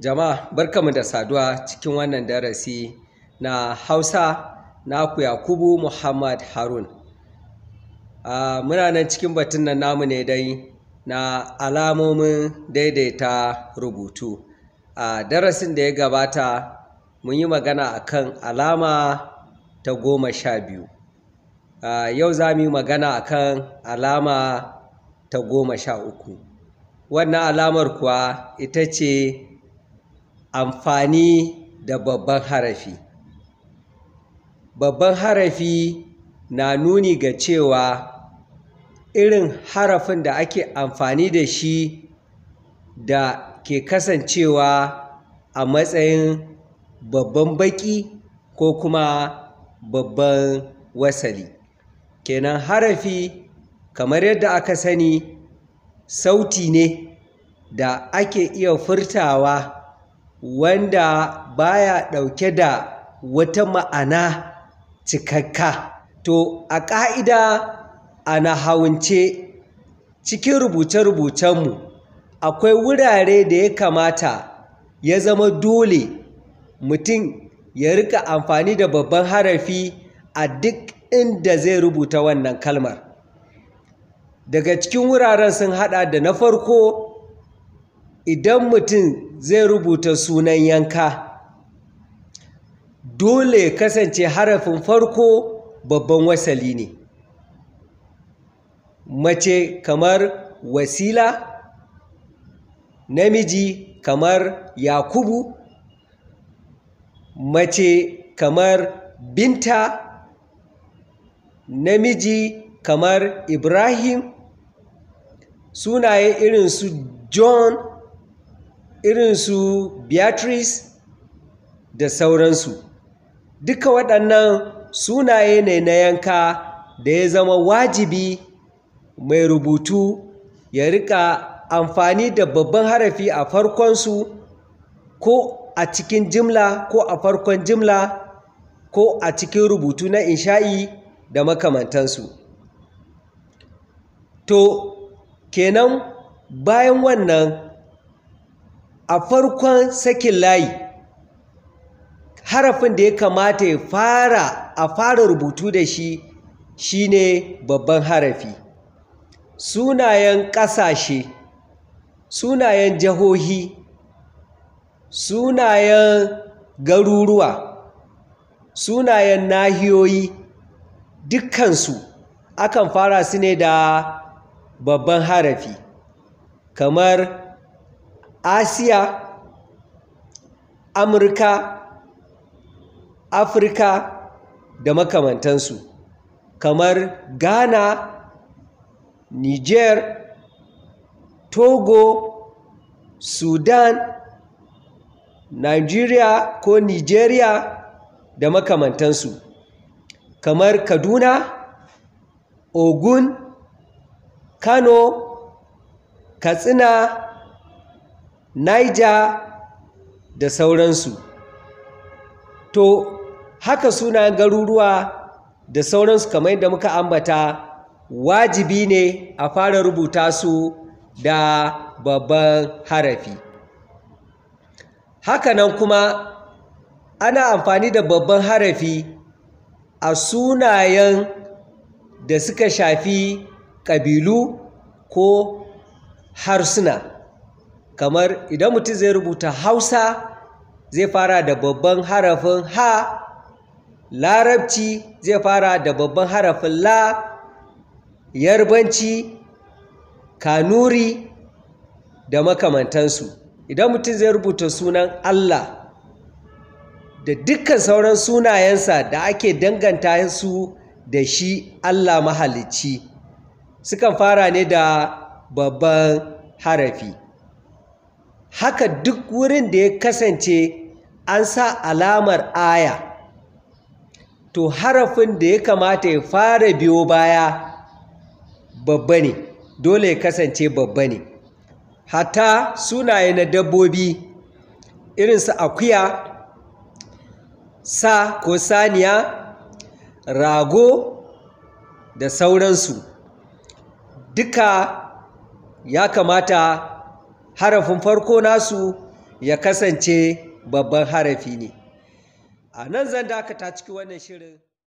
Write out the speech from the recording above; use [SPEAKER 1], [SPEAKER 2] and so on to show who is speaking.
[SPEAKER 1] Jama'a barkamu da saduwa cikin wannan darasi na Hausa naku Yakubu Muhammad Harun. muna nan cikin batun nan namu ne dai na alamomin daidaita rubutu. A darasin da ya gabata mun yi magana akan alama ta goma sha biyu. yau za mu yi magana akan alama ta goma sha uku. Wannan alamar kuwa ita ce amfani da babban harafi babban harafi na nuni ga cewa irin harafin da ake amfani da shi da ke kasancewa a matsayin babban baƙi ko kuma babban wasali kenan harafi kamar yadda aka sani sauti ne da ake iya furtawa wanda baya ɗauke da wata ma'ana cikakka to a ƙa'ida a nahawance cikin rubuce-rubucenmu akwai wurare da ya kamata ya zama dole mutum ya rika amfani da babban harafi a duk inda zai rubuta wannan kalmar daga cikin wuraren sun hada da na farko idan mutum zai rubuta sunan yanka dole kasance harafin farko babban wasali ne mace kamar wasila namiji kamar yakubu mace kamar binta namiji kamar ibrahim sunaye irin su john irinsu Beatrice da sauransu. Duka waɗannan sunaye ne na yanka da ya zama wajibi mai rubutu ya riƙa amfani da babban harafi a farkonsu ko a cikin jimla ko a farkon jimla ko a cikin rubutu na insha'i da makamantansu. To, kenan bayan wannan a farkon sakin layi harafin da ya kamata ya fara a fara rubutu da shi shine babban harafi sunayen ƙasashe sunayen jihohi sunayen garuruwa sunayen nahiyoyi dukkansu akan fara su ne da babban harafi kamar asiya amurka afirka da makamantansu kamar ghana niger togo sudan nigeria ko nigeria da makamantansu kamar kaduna ogun kano katsina niger da sauransu to haka sunayen garuruwa da sauransu kamar yadda muka ambata wajibi ne a fara rubuta su da babban harafi Haka nan kuma ana amfani da babban harafi a sunayen da suka shafi ƙabilu ko harsuna kamar idan mutum zai rubuta hausa zai fara da babban harafin ha larabci zai fara da babban harafin la yarbanci kanuri da makamantansu idan mutum zai rubuta sunan allah da dukkan sauran sunayensa da ake danganta su da shi allah mahalicci sukan fara ne da babban harafi haka duk wurin da ya kasance an sa alamar aya to harafin da ya kamata ya fara biyo baya babba ne dole ya kasance babba ne Hata sunaye na dabbobi irinsu akuya sa ko saniya rago da sauransu duka ya kamata harafin farko nasu ya kasance babban harafi ne a nan zan dakata cikin wannan shirin